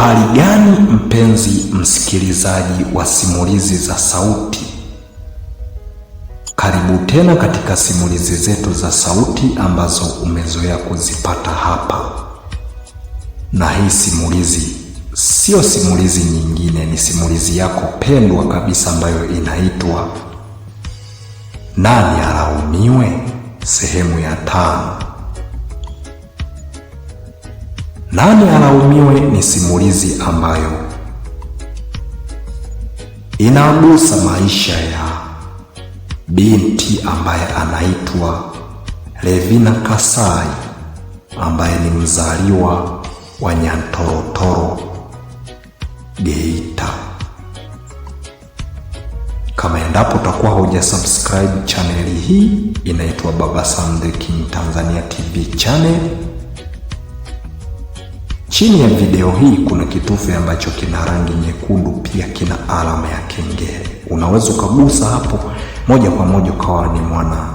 hali gani mpenzi msikilizaji wa simulizi za sauti? Karibu tena katika simulizi zetu za sauti ambazo umezoea kuzipata hapa, na hii simulizi siyo simulizi nyingine, ni simulizi yako pendwa kabisa ambayo inaitwa Nani Alaumiwe, sehemu ya tano nani alaumiwe ni simulizi ambayo inagusa maisha ya binti ambaye anaitwa Levina Kasai ambaye ni mzaliwa wa Nyantorotoro Geita. Kama endapo utakuwa huja subscribe chaneli hii, inaitwa Baba Sam The King Tanzania TV channel Chini ya video hii kuna kitufe ambacho kina rangi nyekundu, pia kina alama ya kengele. Unaweza ukagusa hapo moja kwa moja ukawa ni mwana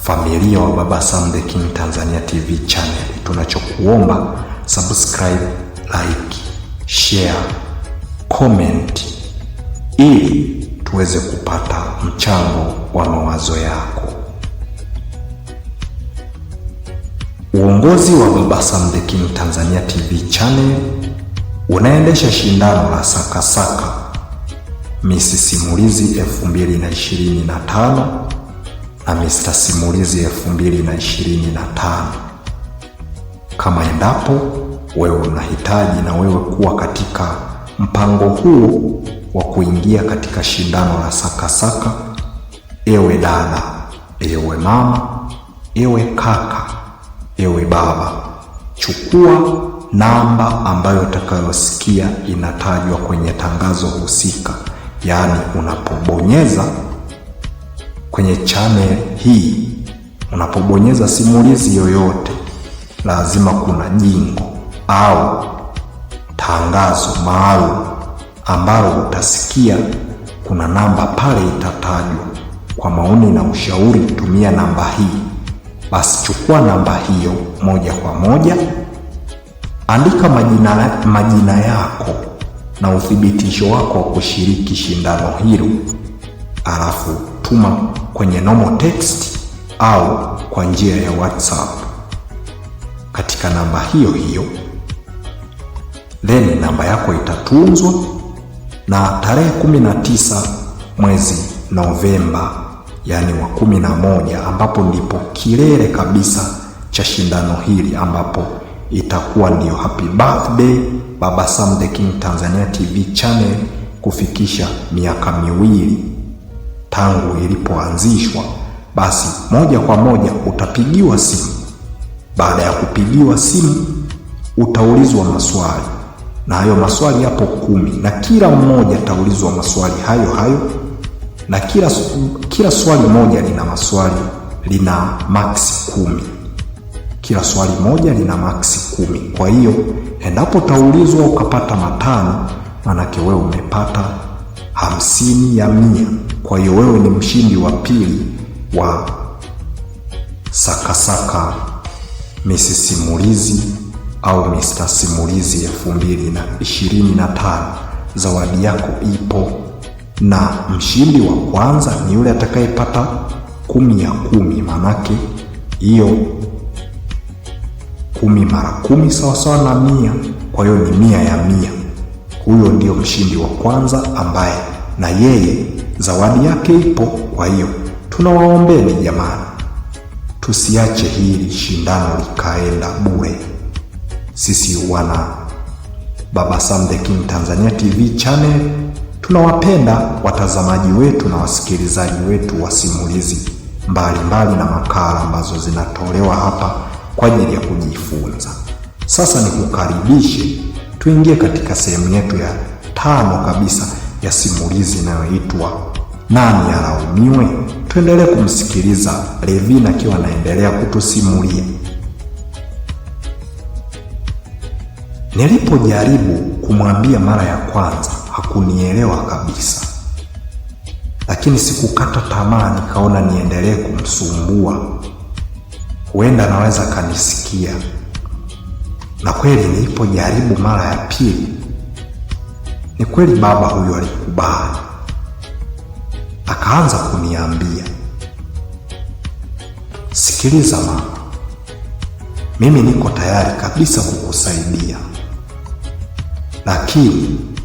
familia wa Baba Sam the King Tanzania TV channel. Tunachokuomba subscribe, like, share, comment ili tuweze kupata mchango wa mawazo yako. Uongozi wa Sam The King Tanzania TV channel unaendesha shindano la sakasaka Miss Simulizi 2025 na Mr. Simulizi 2025. Kama endapo wewe unahitaji na wewe kuwa katika mpango huo wa kuingia katika shindano la sakasaka, ewe dada, ewe mama, ewe kaka Ewe Baba, chukua namba ambayo utakayosikia inatajwa kwenye tangazo husika, yaani unapobonyeza kwenye channel hii, unapobonyeza simulizi yoyote, lazima kuna jingo au tangazo maalum ambalo utasikia. Kuna namba pale itatajwa. Kwa maoni na ushauri, tumia namba hii basi chukua namba hiyo moja kwa moja, andika majina, majina yako na uthibitisho wako wa kushiriki shindano hilo, alafu tuma kwenye normal text au kwa njia ya WhatsApp katika namba hiyo hiyo, then namba yako itatunzwa na tarehe 19 mwezi Novemba yaani wa kumi na moja ambapo ndipo kilele kabisa cha shindano hili ambapo itakuwa ndiyo happy birthday Baba Sam the King Tanzania TV channel kufikisha miaka miwili tangu ilipoanzishwa, basi moja kwa moja utapigiwa simu. Baada ya kupigiwa simu, utaulizwa maswali, na hayo maswali yapo kumi, na kila mmoja ataulizwa maswali hayo hayo na kila, kila swali moja lina maswali lina max kumi. Kila swali moja lina max kumi. Kwa hiyo endapo taulizwa ukapata matano, manake wewe umepata hamsini ya mia. Kwa hiyo wewe ni mshindi wa pili wa sakasaka Miss Simulizi au Mr. Simulizi 2025. Zawadi yako ipo na mshindi wa kwanza ni yule atakayepata kumi ya kumi. Maanake hiyo kumi mara kumi sawasawa na mia, kwa hiyo ni mia ya mia. Huyo ndio mshindi wa kwanza ambaye na yeye zawadi yake ipo. Kwa hiyo tunawaombeni jamani, tusiache hili shindano likaenda bure. Sisi wana Baba Sam the King Tanzania TV channel Tunawapenda watazamaji wetu na wasikilizaji wetu wa simulizi mbalimbali na makala ambazo zinatolewa hapa kwa ajili ya kujifunza. Sasa nikukaribishe tuingie katika sehemu yetu ya tano kabisa ya simulizi inayoitwa Nani Alaumiwe. Tuendelee kumsikiliza Levina akiwa anaendelea kutusimulia. Nilipojaribu kumwambia mara ya kwanza hakunielewa kabisa, lakini sikukata tamaa, nikaona niendelee kumsumbua, huenda anaweza kanisikia. Na kweli nilipojaribu mara ya pili, ni kweli baba huyo alikubali, akaanza kuniambia, sikiliza mama, mimi niko tayari kabisa kukusaidia, lakini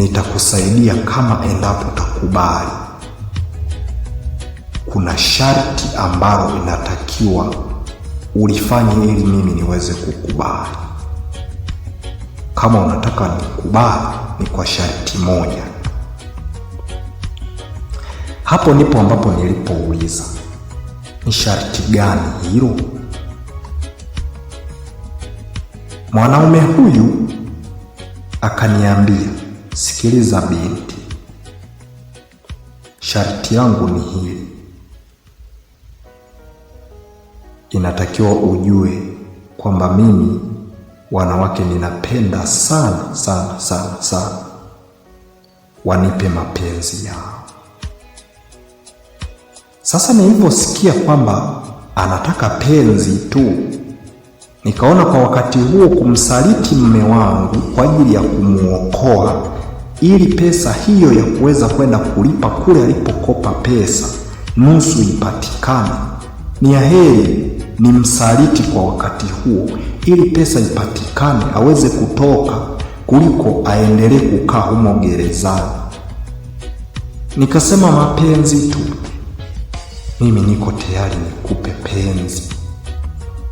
nitakusaidia kama endapo utakubali. Kuna sharti ambalo inatakiwa ulifanye ili mimi niweze kukubali. Kama unataka nikubali, ni kwa sharti moja. Hapo ndipo ambapo nilipouliza ni sharti gani hilo? Mwanaume huyu akaniambia Sikiliza binti, sharti yangu ni hili. Inatakiwa ujue kwamba mimi wanawake ninapenda sana sana sana sana, wanipe mapenzi yao. Sasa nilivyosikia kwamba anataka penzi tu, nikaona kwa wakati huo kumsaliti mme wangu kwa ajili ya kumwokoa ili pesa hiyo ya kuweza kwenda kulipa kule alipokopa pesa nusu ipatikane. Ni aheri ni msaliti kwa wakati huo, ili pesa ipatikane aweze kutoka kuliko aendelee kukaa humo gerezani. Nikasema mapenzi tu, mimi niko tayari nikupe penzi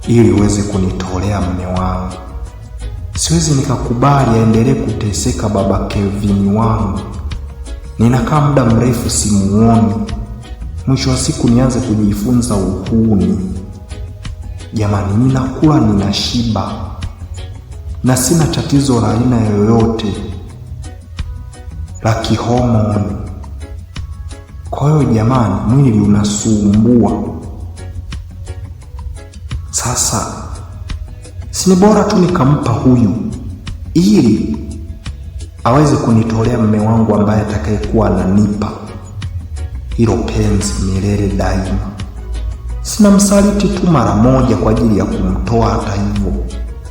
ili uweze kunitolea mme wangu. Siwezi nikakubali aendelee kuteseka baba Kevin wangu. Ninakaa muda mrefu simuoni, mwisho wa siku nianze kujifunza uhuni. Jamani, ninakula ninashiba na sina tatizo la aina yoyote la kihomoni. Kwa hiyo jamani, mwili unasumbua sasa sini bora tu nikampa huyu ili aweze kunitolea mme wangu ambaye atakayekuwa ananipa hilo penzi milele daima. Sina msaliti tu mara moja kwa ajili ya kumtoa. Hata hivyo,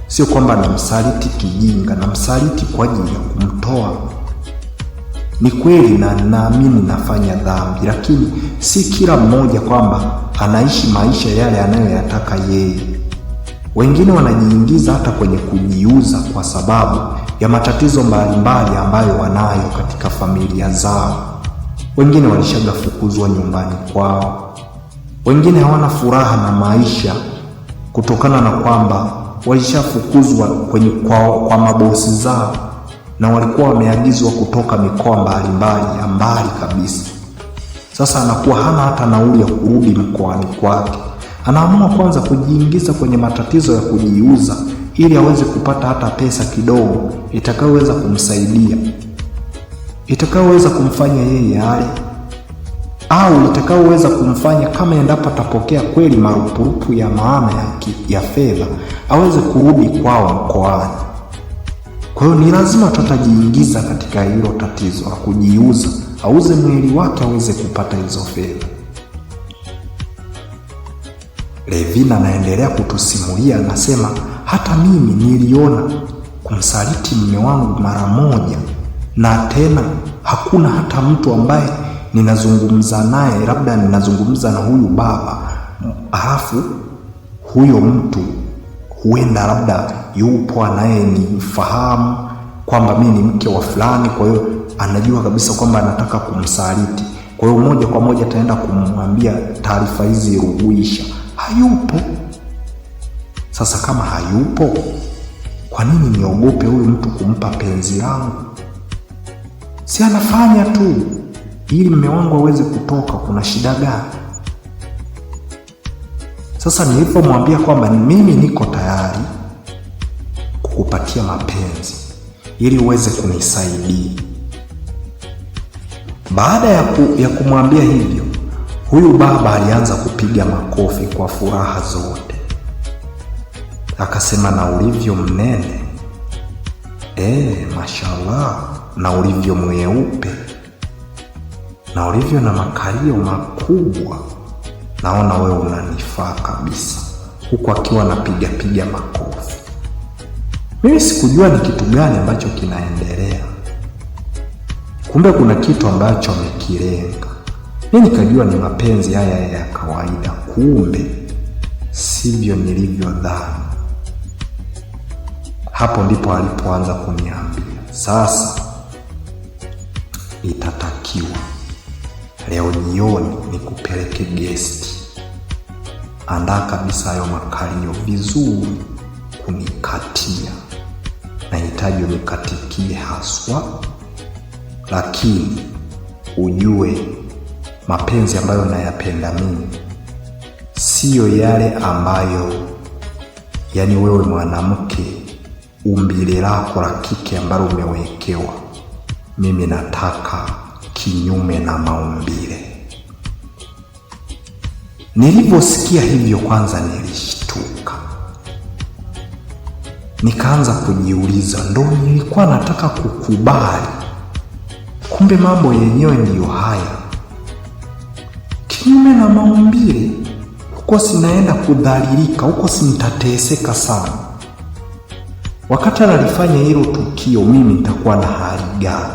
sio kwamba namsaliti kijinga, namsaliti kwa ajili ya kumtoa. Ni kweli na naamini nafanya dhambi, lakini si kila mmoja kwamba anaishi maisha yale anayoyataka yeye. Wengine wanajiingiza hata kwenye kujiuza kwa sababu ya matatizo mbalimbali ambayo wanayo katika familia zao. Wengine walishagafukuzwa nyumbani kwao, wengine hawana furaha na maisha kutokana na kwamba walishafukuzwa kwenye kwa, kwa mabosi zao na walikuwa wameagizwa kutoka mikoa mbalimbali ya mbali kabisa. Sasa anakuwa hana hata nauli ya kurudi mkoani kwake. Anaamua kwanza kujiingiza kwenye matatizo ya kujiuza ili aweze kupata hata pesa kidogo itakayoweza kumsaidia, itakayoweza kumfanya yeye ale au itakayoweza kumfanya kama endapo atapokea kweli marupurupu ya maana ya, ya fedha aweze kurudi kwao mkoani. Kwa hiyo ni lazima tutajiingiza katika hilo tatizo la kujiuza, auze mwili wake aweze kupata hizo fedha. Levina anaendelea kutusimulia, anasema hata mimi niliona kumsaliti mume wangu mara moja, na tena hakuna hata mtu ambaye ninazungumza naye, labda ninazungumza na huyu baba, halafu huyo mtu huenda labda yupo mfahamu kwamba mimi ni mke wa fulani, kwa hiyo anajua kabisa kwamba anataka kumsaliti, kwa hiyo moja kwa moja ataenda kumwambia taarifa hizi Ruhuisha hayupo. Sasa kama hayupo, kwa nini niogope huyu mtu kumpa penzi langu? Si anafanya tu ili mme wangu aweze kutoka, kuna shida gani? Sasa nilipomwambia kwamba mimi niko tayari kukupatia mapenzi ili uweze kunisaidia, baada ya, ku, ya kumwambia hivyo Huyu baba alianza kupiga makofi kwa furaha zote, akasema, na ulivyo mnene e, mashallah, na ulivyo mweupe, na ulivyo na makalio makubwa, naona wewe unanifaa kabisa, huku akiwa piga makofi. Mimi sikujua ni kitu gani ambacho kinaendelea, kumbe kuna kitu ambacho amekilenga. Mi nikajua ni mapenzi haya ya kawaida, kumbe sivyo nilivyodhani. Hapo ndipo alipoanza kuniambia sasa, itatakiwa leo jioni nikupeleke gesti, andaa kabisa hayo makalio vizuri kunikatia, nahitaji unikatikie haswa, lakini ujue mapenzi ambayo nayapenda mimi, siyo yale ambayo, yani wewe mwanamke, umbile lako la kike ambalo umewekewa. Mimi nataka kinyume na maumbile. Niliposikia hivyo, kwanza nilishtuka, nikaanza kujiuliza, ndo nilikuwa nataka kukubali? Kumbe mambo yenyewe ndiyo haya kinyume na maumbile, huko sinaenda kudhalilika, huko sintateseka sana. Wakati analifanya hilo tukio, mimi nitakuwa na hali gani?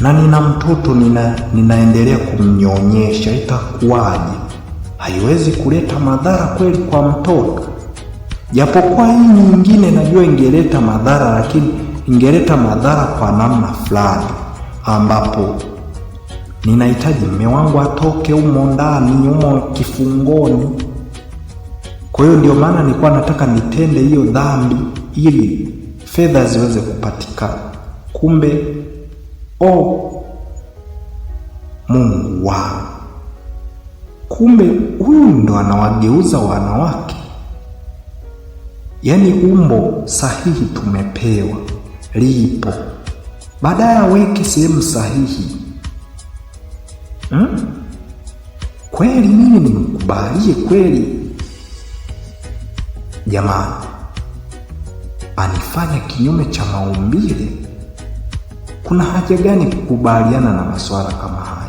Na nina mtoto nina, ninaendelea kumnyonyesha, itakuwaje? Haiwezi kuleta madhara kweli kwa mtoto? Japokuwa hii nyingine najua ingeleta madhara, lakini ingeleta madhara kwa namna fulani ambapo ninahitaji mme wangu atoke humo ndani, humo kifungoni. Kwa hiyo ndio maana nilikuwa nataka nitende hiyo dhambi ili fedha ziweze kupatikana. Kumbe oh, Mungu wa kumbe huyu ndo anawageuza wanawake. Yaani umbo sahihi tumepewa lipo, baadaye aweke sehemu sahihi hmm? Kweli mimi nimkubalie kweli? Jamani, anifanya kinyume cha maumbile. Kuna haja gani kukubaliana na masuala kama haya?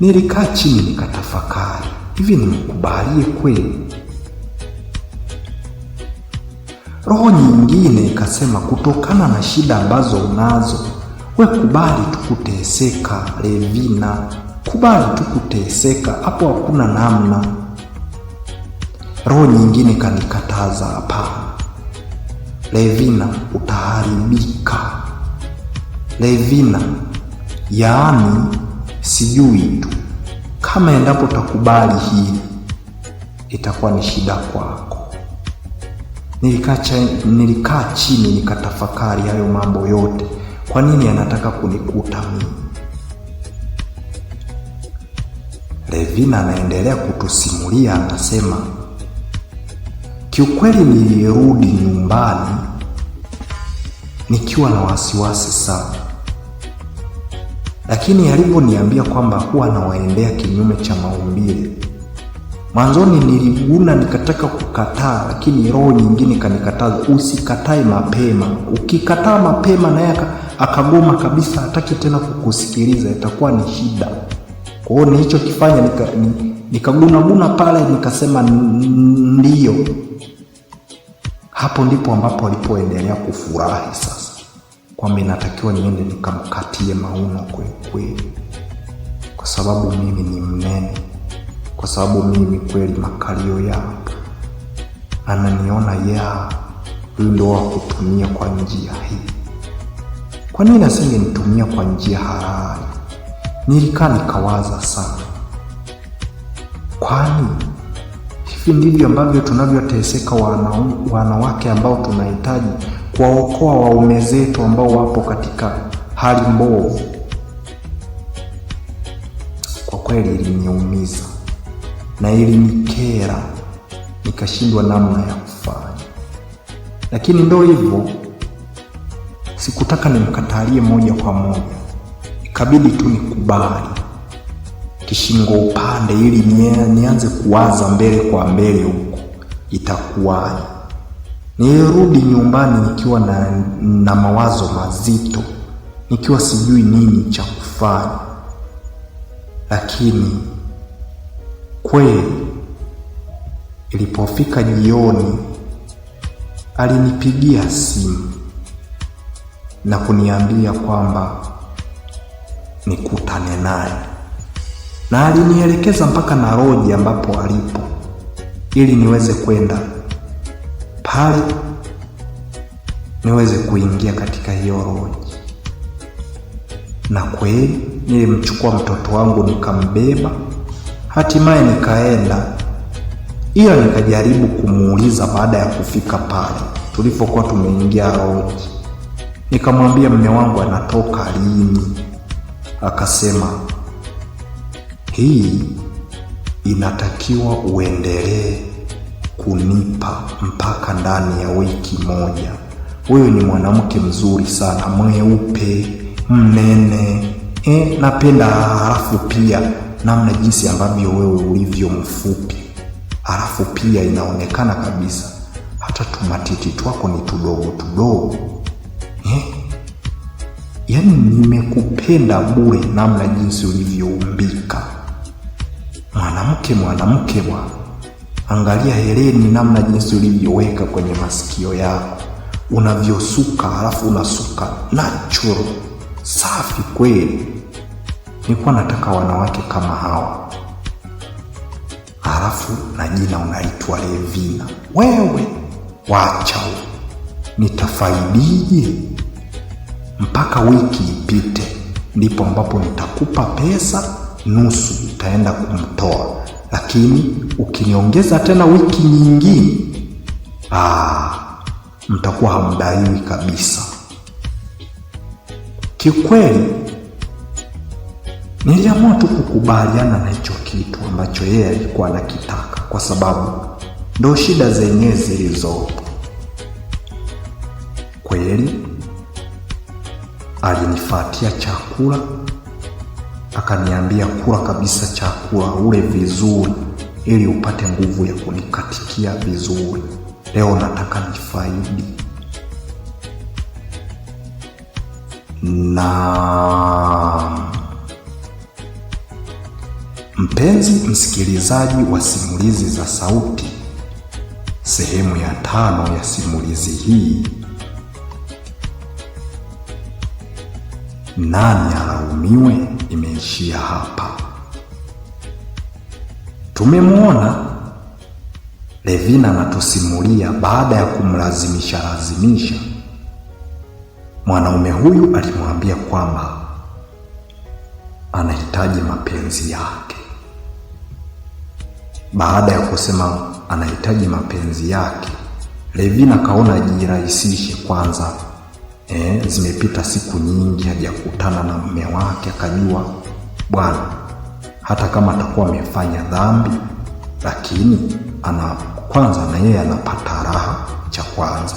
Nilikaa chini nikatafakari, hivi nimkubalie kweli? Roho nyingine ikasema, kutokana na shida ambazo unazo We kubali tu kuteseka, Levina, kubali tu kuteseka, hapo hakuna namna. Roho nyingine kanikataza hapa, Levina utaharibika, Levina yaani sijui tu kama endapo utakubali hili itakuwa ni shida kwako. Nilikaa chini nikatafakari hayo mambo yote. Kwa nini anataka kunikuta mimi? Levina anaendelea kutusimulia, anasema kiukweli, nilirudi nyumbani nikiwa na wasiwasi sana, lakini alivyoniambia kwamba huwa anawaendea kinyume cha maumbile, mwanzoni niliguna nikataka kukataa, lakini roho nyingine kanikataza, usikatae mapema, ukikataa mapema naye akagoma kabisa, hataki tena kukusikiliza, itakuwa ni shida. Kwa hiyo nilichokifanya nikagunaguna pale, nikasema ndio Hapo ndipo ambapo alipoendelea kufurahi sasa kwamba inatakiwa niende nikamkatie mauno kwelikweli, kwa sababu mimi ni mnene, kwa sababu mimi kweli makalio yapo, ananiona ya huyu ndio wa kutumia kwa njia hii. Kwa nini asingenitumia kwa njia halali? Nilikaa nikawaza sana, kwani hivi ndivyo ambavyo tunavyoteseka wanawake ambao tunahitaji kuwaokoa waume zetu ambao wapo katika hali mbovu. Kwa kweli iliniumiza na ilinikera, nikashindwa namna ya kufanya, lakini ndo hivyo Sikutaka nimkatalie moja kwa moja, ikabidi tu nikubali kishingo upande, ili nianze kuwaza mbele kwa mbele huko itakuwaje. Nilirudi nyumbani nikiwa na, na mawazo mazito, nikiwa sijui nini cha kufanya, lakini kweli ilipofika jioni alinipigia simu na kuniambia kwamba nikutane naye, na alinielekeza mpaka na roji ambapo alipo ili niweze kwenda pale niweze kuingia katika hiyo roji. Na kweli nilimchukua mtoto wangu nikambeba, hatimaye nikaenda, ila nikajaribu kumuuliza baada ya kufika pale tulipokuwa tumeingia roji Nikamwambia mme wangu anatoka lini? Akasema hii inatakiwa uendelee kunipa mpaka ndani ya wiki moja. Huyu ni mwanamke mzuri sana, mweupe mnene, e, napenda. Halafu pia namna jinsi ambavyo wewe ulivyo mfupi, halafu pia inaonekana kabisa hata tumatiti twako ni tudogo tudogo yaani nimekupenda bure namna jinsi ulivyoumbika. Mwanamke, mwanamke wa angalia hereni namna jinsi ulivyoweka kwenye masikio yako, unavyosuka, halafu unasuka natural safi kweli. Nilikuwa nataka wanawake kama hawa. Halafu na jina unaitwa Levina. Wewe wacha, nitafaidije? mpaka wiki ipite, ndipo ambapo nitakupa pesa nusu, utaenda kumtoa. Lakini ukiniongeza tena wiki nyingine, ah, mtakuwa hamdaiwi kabisa. Kikweli niliamua tu kukubaliana na hicho kitu ambacho yeye alikuwa anakitaka, kwa sababu ndo shida zenyewe zilizopo kweli alinifatia chakula akaniambia, kula kabisa chakula ule vizuri, ili upate nguvu ya kunikatikia vizuri. Leo nataka nifaidi na mpenzi msikilizaji wa simulizi za sauti, sehemu ya tano ya simulizi hii nani alaumiwe imeishia hapa. Tumemwona Levina anatusimulia baada ya kumlazimisha lazimisha, mwanaume huyu alimwambia kwamba anahitaji mapenzi yake. Baada ya kusema anahitaji mapenzi yake, Levina kaona ajirahisishe kwanza eh, zimepita siku nyingi, hajakutana na mume wake, akajua bwana, hata kama atakuwa amefanya dhambi, lakini ana kwanza, na yeye anapata raha, cha kwanza.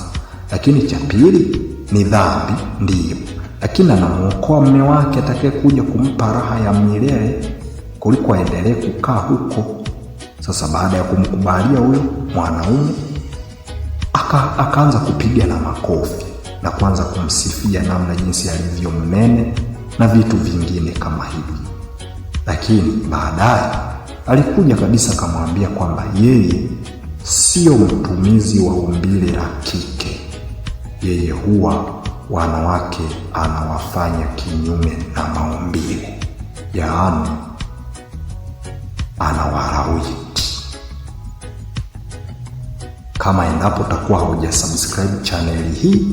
Lakini cha pili ni dhambi, ndiyo, lakini anamwokoa mume wake atakaye kuja kumpa raha ya milele kuliko aendelee kukaa huko. Sasa baada ya kumkubalia huyo mwanaume, akaanza kupiga na makofi na kuanza kumsifia namna jinsi alivyo mnene na vitu vingine kama hivi. Lakini baadaye alikuja kabisa akamwambia kwamba yeye sio mtumizi wa umbile la kike, yeye huwa wanawake anawafanya kinyume na maumbile, yaani anawarawiti. Kama endapo takuwa hujasubscribe chaneli hii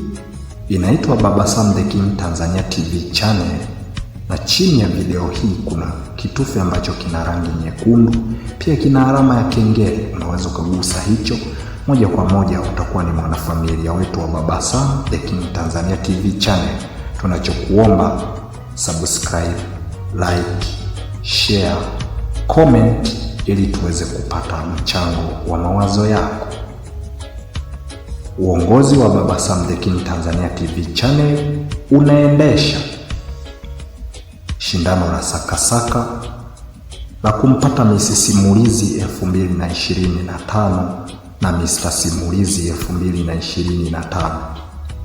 Inaitwa Baba Sam the King Tanzania TV channel, na chini ya video hii kuna kitufe ambacho kina rangi nyekundu, pia kina alama ya kengele. Unaweza ukagusa hicho moja kwa moja, utakuwa ni mwanafamilia wetu wa Baba Sam the King Tanzania TV channel. Tunachokuomba subscribe, like, share, comment ili tuweze kupata mchango wa mawazo yako. Uongozi wa Baba Sam the King Tanzania TV channel unaendesha shindano la sakasaka la kumpata Misi Simulizi 2025 na Mr. Simulizi 2025.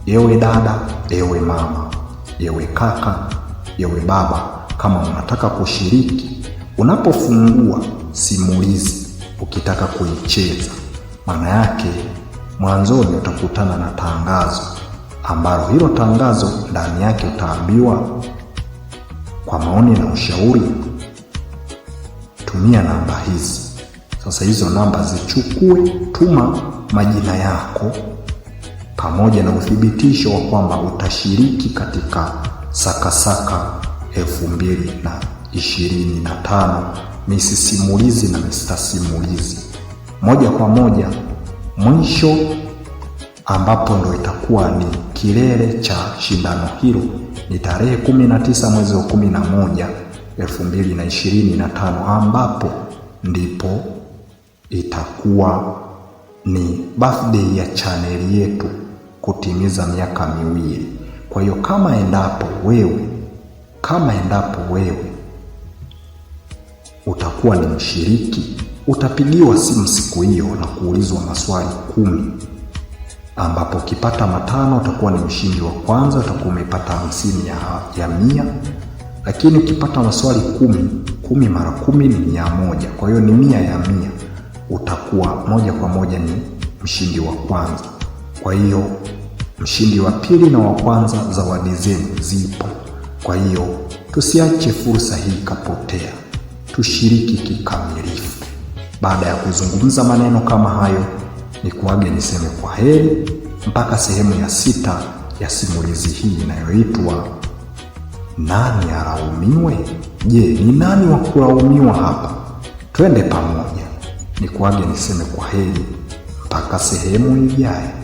Ewe dada, ewe mama, ewe kaka, ewe baba, kama unataka kushiriki, unapofungua simulizi ukitaka kuicheza, maana yake mwanzoni utakutana na tangazo ambalo hilo tangazo ndani yake utaambiwa kwa maoni na ushauri tumia namba hizi. Sasa hizo namba zichukue, tuma majina yako pamoja na uthibitisho wa kwamba utashiriki katika sakasaka elfu mbili na ishirini na tano misisimulizi na mistasimulizi moja kwa moja mwisho ambapo ndo itakuwa ni kilele cha shindano hilo ni tarehe 19 mwezi wa 11 2025, ambapo ndipo itakuwa ni birthday ya chaneli yetu kutimiza miaka miwili. Kwa hiyo kama endapo wewe kama endapo wewe utakuwa ni mshiriki Utapigiwa simu siku hiyo na kuulizwa maswali kumi ambapo ukipata matano utakuwa ni mshindi wa kwanza, utakuwa umepata hamsini ya, ya mia. Lakini ukipata maswali kumi, kumi mara kumi ni mia moja, kwa hiyo ni mia ya mia, utakuwa moja kwa moja ni mshindi wa kwanza. Kwa hiyo mshindi wa pili na wa kwanza, zawadi zenu zipo. Kwa hiyo tusiache fursa hii ikapotea, tushiriki kikamilifu. Baada ya kuzungumza maneno kama hayo, ni kuage niseme kwa heri mpaka sehemu ya sita ya simulizi hii inayoitwa nani alaumiwe? Je, ni nani wa kulaumiwa hapa? Twende pamoja, ni kuage niseme kwa heri mpaka sehemu ijayo.